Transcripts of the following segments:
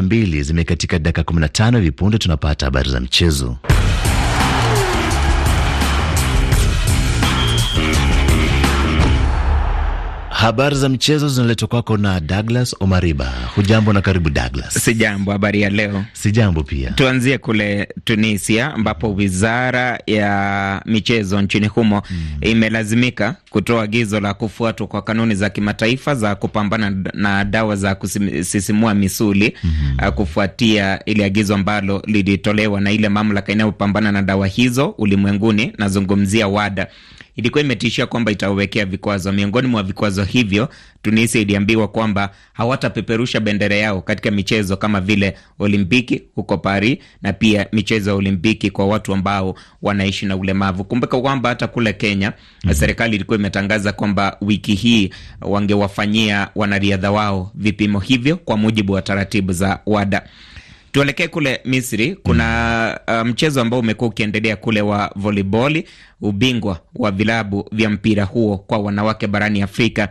12 zimekatika dakika 15. Vipunde tunapata habari za michezo. Habari za michezo zinaletwa kwako na Douglas Omariba. Hujambo na karibu Douglas. Sijambo, habari ya leo. Sijambo pia. Tuanzie kule Tunisia ambapo wizara ya michezo nchini humo mm, imelazimika kutoa agizo la kufuatwa kwa kanuni za kimataifa za kupambana na dawa za kusisimua misuli mm -hmm, uh, kufuatia ile agizo ambalo lilitolewa na ile mamlaka inayopambana na dawa hizo ulimwenguni, nazungumzia WADA ilikuwa imetishia kwamba itawekea vikwazo. Miongoni mwa vikwazo hivyo, Tunisia iliambiwa kwamba hawatapeperusha bendera yao katika michezo kama vile Olimpiki huko Paris na pia michezo ya Olimpiki kwa watu ambao wanaishi na ulemavu. Kumbuka kwamba hata kule Kenya mm -hmm. serikali ilikuwa imetangaza kwamba wiki hii wangewafanyia wanariadha wao vipimo hivyo kwa mujibu wa taratibu za WADA. Tuelekee kule Misri. Kuna mm. uh, mchezo ambao umekuwa ukiendelea kule wa voliboli, ubingwa wa vilabu vya mpira huo kwa wanawake barani Afrika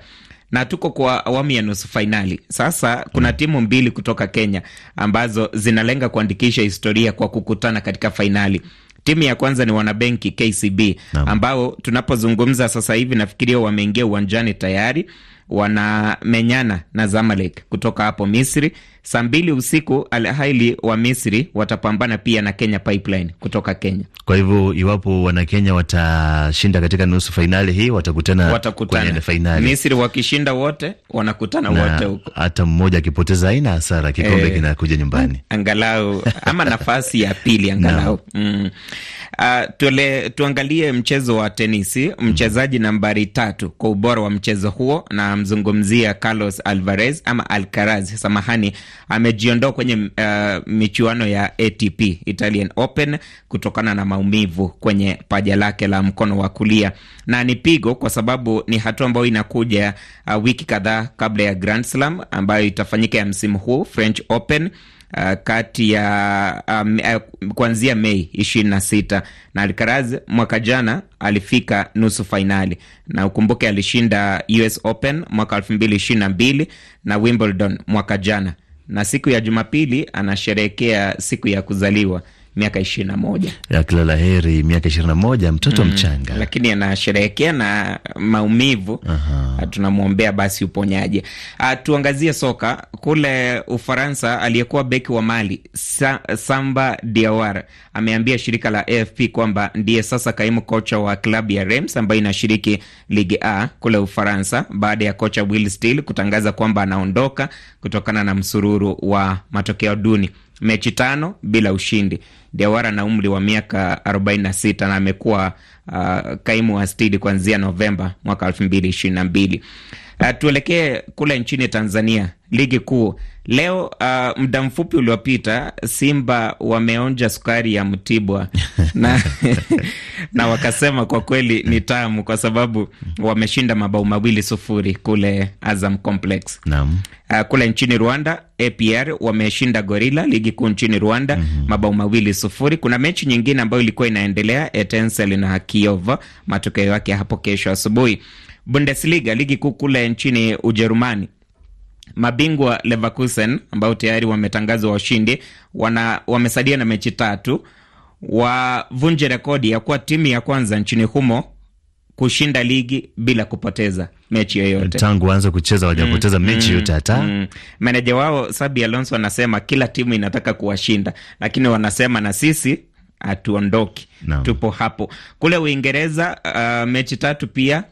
na tuko kwa awamu ya nusu fainali sasa. Kuna mm. timu mbili kutoka Kenya ambazo zinalenga kuandikisha historia kwa kukutana katika fainali. Timu ya kwanza ni wanabenki KCB, ambao tunapozungumza sasa hivi nafikiria wameingia uwanjani tayari wanamenyana na Zamalek kutoka hapo Misri. Saa mbili usiku Al Ahly wa Misri watapambana pia na Kenya Pipeline kutoka Kenya. Kwa hivyo iwapo Wanakenya watashinda katika nusu fainali hii watakutana, watakutana kwenye fainali. Misri wakishinda wote wanakutana na wote huko, hata mmoja akipoteza aina hasara kikombe e, kinakuja nyumbani angalau ama nafasi ya pili angalau no. mm. Uh, tuangalie mchezo wa tenisi. Mchezaji nambari tatu kwa ubora wa mchezo huo, na mzungumzia Carlos Alvarez ama Alcaraz, samahani, amejiondoa kwenye uh, michuano ya ATP Italian Open kutokana na maumivu kwenye paja lake la mkono wa kulia, na ni pigo kwa sababu ni hatua ambayo inakuja uh, wiki kadhaa kabla ya Grand Slam ambayo itafanyika ya msimu huu French Open uh, kati ya um, uh, kuanzia Mei ishirini na sita na Alcaraz mwaka jana alifika nusu fainali, na ukumbuke alishinda US Open mwaka elfu mbili ishirini na mbili na Wimbledon mwaka jana, na siku ya Jumapili anasherehekea siku ya kuzaliwa miaka ishirini na moja. Kila la heri, miaka ishirini na moja, mtoto mm, mchanga, lakini anasherehekea na maumivu. Ah, tunamwombea basi uponyaji. Ah, tuangazie soka kule Ufaransa. Aliyekuwa beki wa Mali Sa, Samba Diawara ameambia shirika la AFP kwamba ndiye sasa kaimu kocha wa klabu ya Rems ambayo inashiriki ligi A kule Ufaransa baada ya kocha Will kutangaza kwamba anaondoka kutokana na msururu wa matokeo duni mechi tano bila ushindi. Diawara na umri wa miaka 46 na amekuwa uh, kaimu wa stidi kuanzia Novemba mwaka mbili Uh, tuelekee kule nchini Tanzania, ligi kuu leo. Uh, muda mfupi uliopita Simba wameonja sukari ya Mtibwa na, na wakasema kwa kweli ni tamu, kwa sababu wameshinda mabao mawili sufuri kule Azam Complex. Naam. Uh, kule nchini Rwanda APR wameshinda Gorilla ligi kuu nchini Rwanda mm -hmm. mabao mawili sufuri. Kuna mechi nyingine ambayo ilikuwa inaendelea Etincelles na Kiova, matokeo yake hapo kesho asubuhi. Bundesliga, ligi kuu kule nchini Ujerumani. Mabingwa Leverkusen ambao tayari wametangazwa washindi, wana wamesalia na mechi tatu wavunje rekodi ya kuwa timu ya kwanza nchini humo kushinda ligi bila kupoteza mechi yoyote tangu waanze kucheza, wajapoteza mm, mechi yoyote mm, hata mm. Meneja wao Sabi Alonso anasema kila timu inataka kuwashinda, lakini wanasema na sisi hatuondoki no. Tupo hapo. Kule Uingereza uh, mechi tatu pia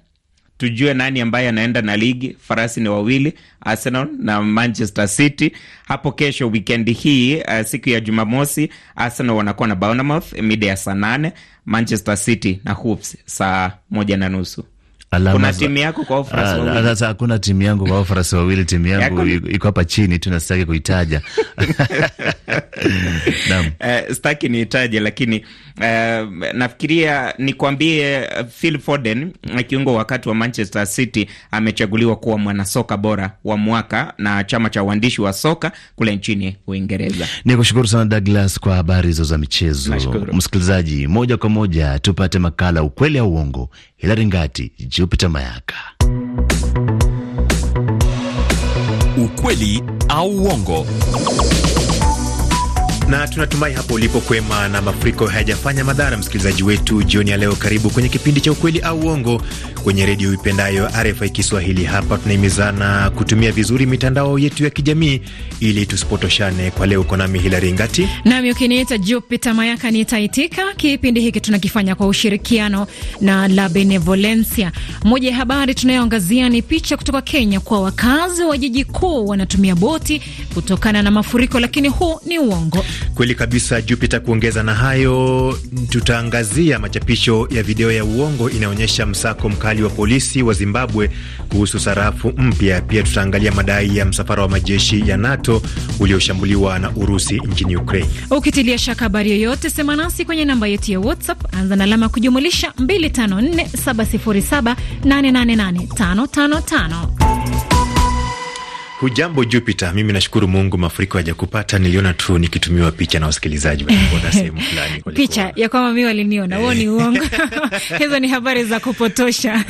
tujue nani ambaye anaenda na ligi. Farasi ni wawili, Arsenal na Manchester City. Hapo kesho wikendi hii, uh, siku ya Jumamosi, Arsenal wanakuwa na Bournemouth mida ya saa nane, Manchester City na Hoops saa moja na nusu. Alama kuna timu yako kwa ofrasi ah, wawili. hakuna timu yangu kwa ofrasi wawili, timu yangu iko hapa chini tu, nasitaki kuitaja. Naam, uh, sitaki niitaje lakini Uh, nafikiria nikwambie eh, Phil Foden eh, kiungo wakati wa Manchester City amechaguliwa kuwa mwanasoka bora wa mwaka na chama cha uandishi wa soka kule nchini Uingereza. Ni kushukuru sana Douglas kwa habari hizo za michezo. Msikilizaji, moja kwa moja tupate makala ukweli au uongo. Hilari Ngati, Jupiter Mayaka. Ukweli au uongo na tunatumai hapo ulipo kwema na mafuriko hayajafanya madhara. Msikilizaji wetu jioni ya leo, karibu kwenye kipindi cha ukweli au uongo kwenye redio ipendayo RFI Kiswahili. Hapa tunahimizana kutumia vizuri mitandao yetu ya kijamii ili tusipotoshane. Kwa leo uko nami Hilari Ngati nami ukiniita Jupita Mayaka nitaitika. Kipindi hiki tunakifanya kwa ushirikiano na La Benevolencia. Moja ya habari tunayoangazia ni picha kutoka Kenya kwa wakazi wa jiji kuu wanatumia boti kutokana na mafuriko, lakini huu ni uongo. Kweli kabisa Jupiter. Kuongeza na hayo, tutaangazia machapisho ya video ya uongo inaonyesha msako mkali wa polisi wa Zimbabwe kuhusu sarafu mpya. Pia tutaangalia madai ya msafara wa majeshi ya NATO ulioshambuliwa na Urusi nchini Ukraine. Ukitilia shaka habari yoyote, sema nasi kwenye namba yetu ya WhatsApp, anza na alama kujumulisha 254707888555. Hujambo Jupiter, mimi nashukuru Mungu mafuriko hajakupata. Niliona tu nikitumiwa picha na wasikilizaji waliona sehemu fulani picha ya kwamba mi waliniona. Huo ni uongo, hizo ni habari za kupotosha.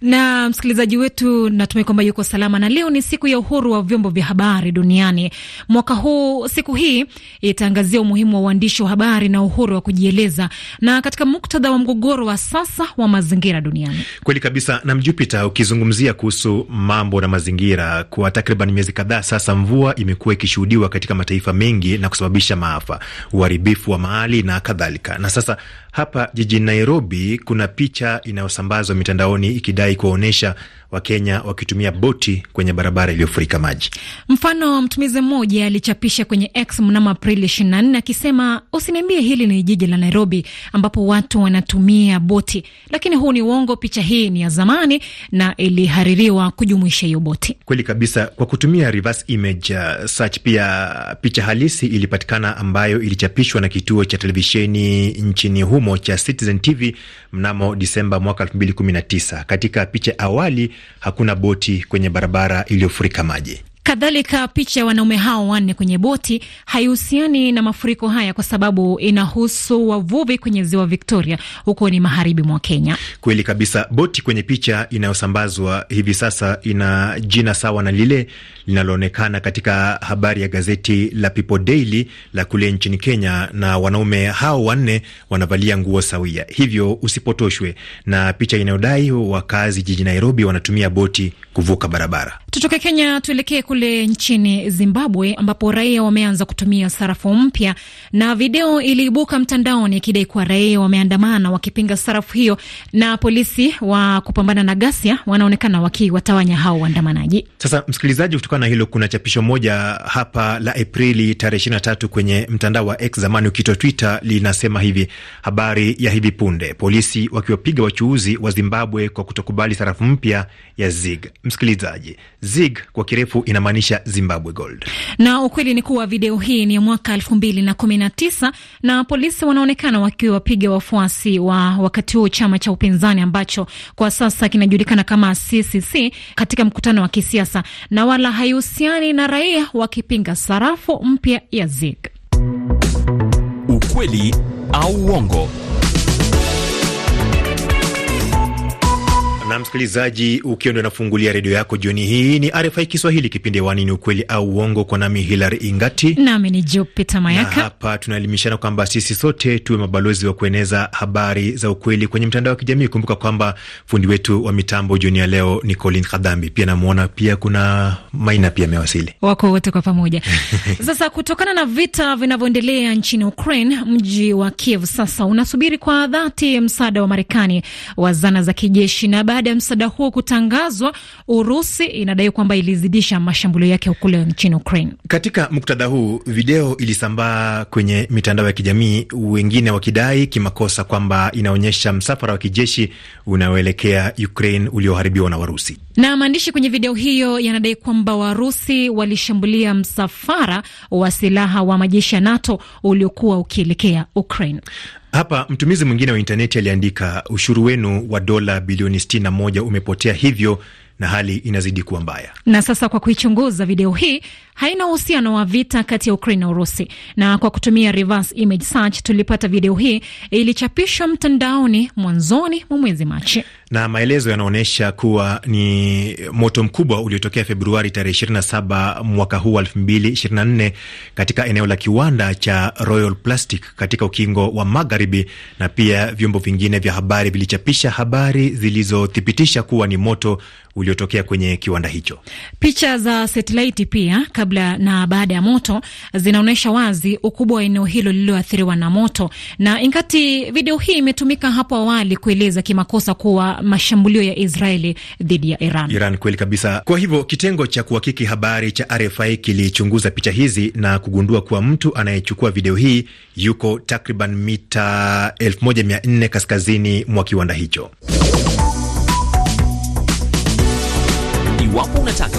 Na msikilizaji wetu natumai kwamba yuko salama, na leo ni siku ya uhuru wa vyombo vya habari duniani. Mwaka huu siku hii itaangazia umuhimu wa uandishi wa habari na uhuru wa kujieleza, na katika muktadha wa mgogoro wa sasa wa mazingira duniani. Kweli kabisa, na Jupiter, ukizungumzia kuhusu mambo na mazingira kwa takriban miezi kadhaa sasa mvua imekuwa ikishuhudiwa katika mataifa mengi na kusababisha maafa, uharibifu wa mali na kadhalika. Na sasa hapa jijini Nairobi kuna picha inayosambazwa mitandaoni ikidai kuwaonyesha Wakenya wakitumia boti kwenye barabara iliyofurika maji. Mfano, mtumizi mmoja alichapisha kwenye X mnamo Aprili 24 akisema, usiniambie hili ni jiji la Nairobi ambapo watu wanatumia boti, lakini huu ni uongo. Picha hii ni ya zamani na ilihaririwa kujumuisha hiyo boti. Kweli kabisa. Kwa kutumia reverse image uh, search, pia uh, picha halisi ilipatikana ambayo ilichapishwa na kituo cha televisheni nchini humo cha Citizen TV mnamo Disemba mwaka 2019. Katika picha awali hakuna boti kwenye barabara iliyofurika maji. Kadhalika, picha ya wanaume hao wanne kwenye boti haihusiani na mafuriko haya kwa sababu inahusu wavuvi kwenye ziwa Victoria, huko ni magharibi mwa Kenya. Kweli kabisa. Boti kwenye picha inayosambazwa hivi sasa ina jina sawa na lile linaloonekana katika habari ya gazeti la People Daily la kule nchini Kenya, na wanaume hao wanne wanavalia nguo sawia, hivyo usipotoshwe na picha inayodai wakazi jiji Nairobi wanatumia boti kuvuka barabara. Tutoke Kenya tuelekee kule nchini Zimbabwe ambapo raia wameanza kutumia sarafu mpya, na video iliibuka mtandaoni ikidai kuwa raia wameandamana wakipinga sarafu hiyo, na polisi wa kupambana na ghasia wanaonekana wakiwatawanya hao waandamanaji. Sasa msikilizaji, kutoka hapa na hilo, kuna chapisho moja hapa la Aprili tarehe 23 kwenye mtandao wa X, zamani ukiitwa Twitter, linasema hivi: habari ya hivi punde, polisi wakiwapiga wachuuzi wa Zimbabwe kwa kutokubali sarafu mpya ya ZiG. Msikilizaji, ZiG kwa kirefu inamaanisha Zimbabwe Gold, na ukweli ni kuwa video hii ni ya mwaka 2019 na polisi wanaonekana wakiwapiga wafuasi wa wakati huo chama cha upinzani ambacho kwa sasa kinajulikana kama CCC katika mkutano wa kisiasa na wala haihusiani na raia wakipinga sarafu mpya ya ZiG. Ukweli au uongo? na msikilizaji, ukiwa ndio nafungulia redio yako jioni hii, ni RFI Kiswahili, kipindi wani ni ukweli au uongo, kwa nami Hilary Ingati nami ni Jupita Mayaka. Na hapa tunaelimishana kwamba sisi sote tuwe mabalozi wa kueneza habari za ukweli kwenye mtandao wa kijamii. Kumbuka kwamba fundi wetu wa mitambo jioni ya leo ni Colin Kadhambi, pia namwona pia kuna Maina pia amewasili, wako wote kwa pamoja Sasa kutokana na vita vinavyoendelea nchini Ukraine, mji wa Kiev sasa unasubiri kwa dhati msaada wa Marekani wa zana za kijeshi na baada ya msaada huo kutangazwa, Urusi inadai kwamba ilizidisha mashambulio yake kule nchini Ukraine. Katika muktadha huu, video ilisambaa kwenye mitandao ya kijamii, wengine wakidai kimakosa kwamba inaonyesha msafara wa kijeshi unaoelekea Ukraine ulioharibiwa na Warusi, na maandishi kwenye video hiyo yanadai kwamba Warusi walishambulia msafara wa silaha wa majeshi ya NATO uliokuwa ukielekea Ukraine. Hapa mtumizi mwingine wa intaneti aliandika, ushuru wenu wa dola bilioni 61 umepotea hivyo na hali inazidi kuwa mbaya. Na sasa kwa kuichunguza video hii haina uhusiano wa vita kati ya Ukraine na Urusi. Na kwa kutumia reverse image search tulipata video hii, ilichapishwa mtandaoni mwanzoni mwa mwezi Machi, na maelezo yanaonyesha kuwa ni moto mkubwa uliotokea Februari tarehe 27 mwaka huu 2024 katika eneo la kiwanda cha Royal Plastic katika ukingo wa Magharibi, na pia vyombo vingine vya habari vilichapisha habari zilizothibitisha kuwa ni moto uliotokea kwenye kiwanda hicho. Picha za satelaiti pia kabla na baada ya moto zinaonyesha wazi ukubwa wa eneo hilo lililoathiriwa na moto, na ingati video hii imetumika hapo awali kueleza kimakosa kuwa mashambulio ya Israeli dhidi ya Iran. Iran, kweli kabisa. Kwa hivyo kitengo cha kuhakiki habari cha RFI kilichunguza picha hizi na kugundua kuwa mtu anayechukua video hii yuko takriban mita 1400 kaskazini mwa kiwanda hicho. Iwapo unataka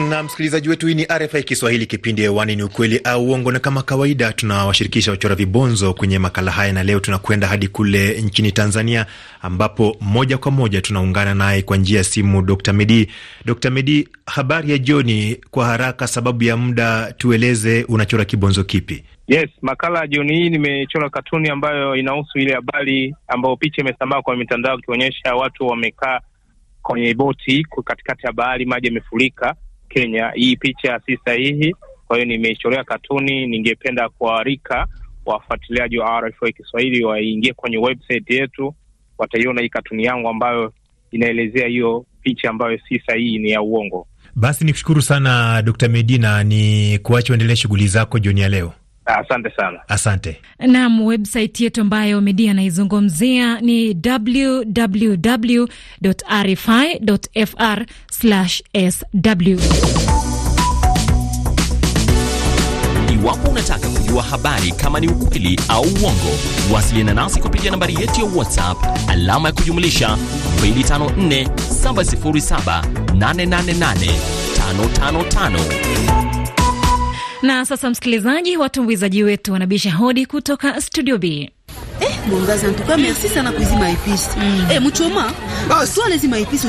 na msikilizaji wetu, hii ni RFI Kiswahili, kipindi hewani ni ukweli au uongo, na kama kawaida tunawashirikisha wachora vibonzo kwenye makala haya, na leo tunakwenda hadi kule nchini Tanzania, ambapo moja kwa moja tunaungana naye kwa njia ya simu Dr. Medi. Dr. Medi, habari ya jioni. Kwa haraka, sababu ya muda, tueleze unachora kibonzo kipi? Yes, makala ya jioni hii nimechora katuni ambayo inahusu ile habari ambayo picha imesambaa kwa mitandao ikionyesha watu wamekaa kwenye boti katikati ya bahari, maji yamefurika Kenya. Hii picha si sahihi, kwa hiyo nimeichorea katuni. Ningependa kuwaalika wafuatiliaji wa RFI Kiswahili waingie kwenye website yetu, wataiona hii katuni yangu ambayo inaelezea hiyo picha ambayo si sahihi, ni ya uongo. Basi nikushukuru sana Dr. Medina, ni kuacha uendelee shughuli zako jioni ya leo. Asante sana, asante. nam website yetu ambayo Media anaizungumzia ni www.rfi.fr/sw. Iwapo unataka kujua habari kama ni ukweli au uongo, wasiliana nasi kupitia nambari yetu ya WhatsApp alama ya kujumlisha 254 707 888 555. Na sasa, msikilizaji, watumbuizaji wetu wanabisha hodi kutoka Studio B. Eh, ntuka merci sana kuzima epice. Mm. Eh, mchoma.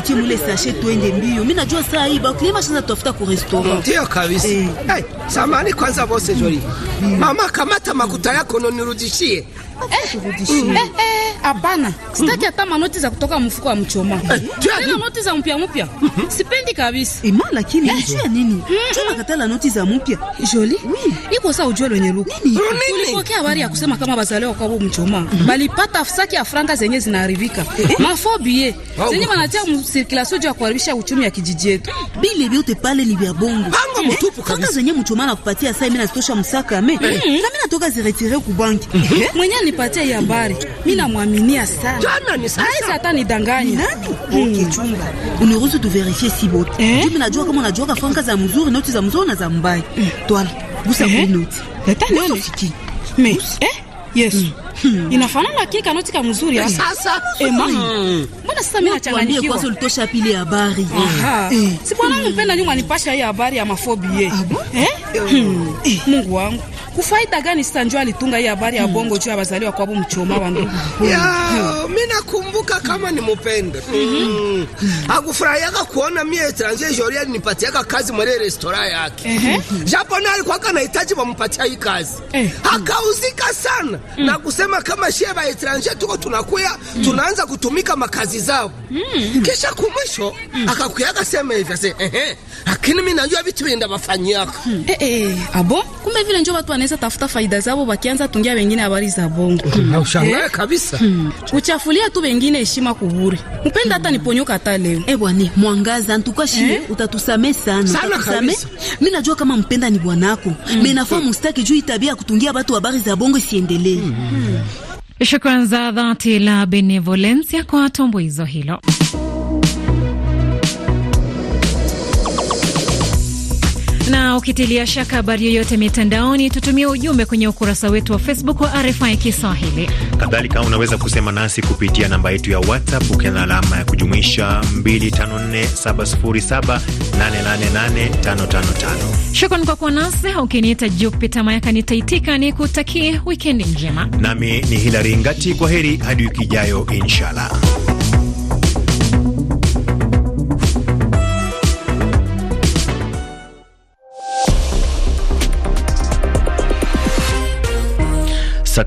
utie mule tuende mbio. Mimi najua saa hii sasa ku restaurant. Oh, kabisa. Eh, hey, samani kwanza bose jori. Mm. Mama kamata makuta yako nonirudishie. Hapana, eh, eh, eh. sitaki hata manoti za kutoka mfuko wa mchoma tena noti za mpya mpya mhm. sipendi kabisa. Ima, lakini ya nini? Mhm. Choma katala noti za mpya joli iko sawa, ujue lenye luku. Tulipokea habari ya kusema kama bazaleo kwa mchoma mhm. balipata saki ya franga zenye zinaharibika mafobie zenye wanatia msirkulation ya kuharibisha uchumi ya kijiji yetu. Mm. Bile vyote pale ni vya bongo mtupu zenye mchoma anakupatia kupatia sasa, mimi nasitosha msaka ame kama natoka ziretire ku banki mwenye nipatie hii habari, mimi namwaminia sana. Jana ni sasa. Haiza hata nidanganya. Nani? Hmm. Okay, chunga. Uniruhusu tu verifie si bot. Eh? Mimi najua kama unajua franka za mzuri, noti za mzuri na za mbaya. Hmm. Twala, gusa kwa eh? noti. Hata nani? Me. Eh? Yes. Hmm. hmm. Inafanana kika noti ka mzuri yani. Sasa. Eh, mama. Mbona sasa mimi nachanganyikiwa? Kwanza ulitosha pili habari. Aha. Eh. Si bwana mpenda nyuma nipasha hii habari ya mafobi yeye. Eh? eh? Mungu wangu kufaida gani? Sitanjua alitunga hii habari ya bongo juu ya wazaliwa kwa kwabo mchoma wa ndugu. Mimi nakumbuka kama ni mupende mm. akufurahiaka kuona mie etranger jori alinipatiaka kazi mwele restora yake, japo na alikuwaka nahitaji wampatia hii kazi, eh. akauzika sana mm. na kusema kama shie ba etranger tuko tunakuya mm. tunaanza kutumika makazi zao, kisha kumwisho akakuyaga sema hivi ase, lakini mimi najua vitu vinda bafanyiaka eh, eh, abo kumbe vile njo watu wanaweza tafuta faida zao, wakianza tungia wengine habari za bongo hmm. na ushangaa eh? kabisa, hmm. uchafulia tu wengine heshima kuburi mpenda hata niponyoka hata leo. Eh bwana mwangaza ntuka shie, eh? utatusame sana, utatusame. Mimi najua kama mpenda ni bwanako, mimi nafahamu mustaki juu itabia kutungia watu habari za bongo isiendelee. Hmm. Shukrani za dhati la benevolencia kwa tumbo hizo hilo ukitilia shaka habari yoyote mitandaoni, tutumie ujumbe kwenye ukurasa wetu wa Facebook wa RFI Kiswahili. Kadhalika unaweza kusema nasi kupitia namba yetu ya WhatsApp ukianza na alama ya kujumuisha 254707888555. Shukran kwa kuwa nasi. Ukiniita Jupita Mayaka nitaitika, ni kutakie wikendi njema. Nami ni Hilari Ngati, kwa heri hadi wiki ijayo, inshallah.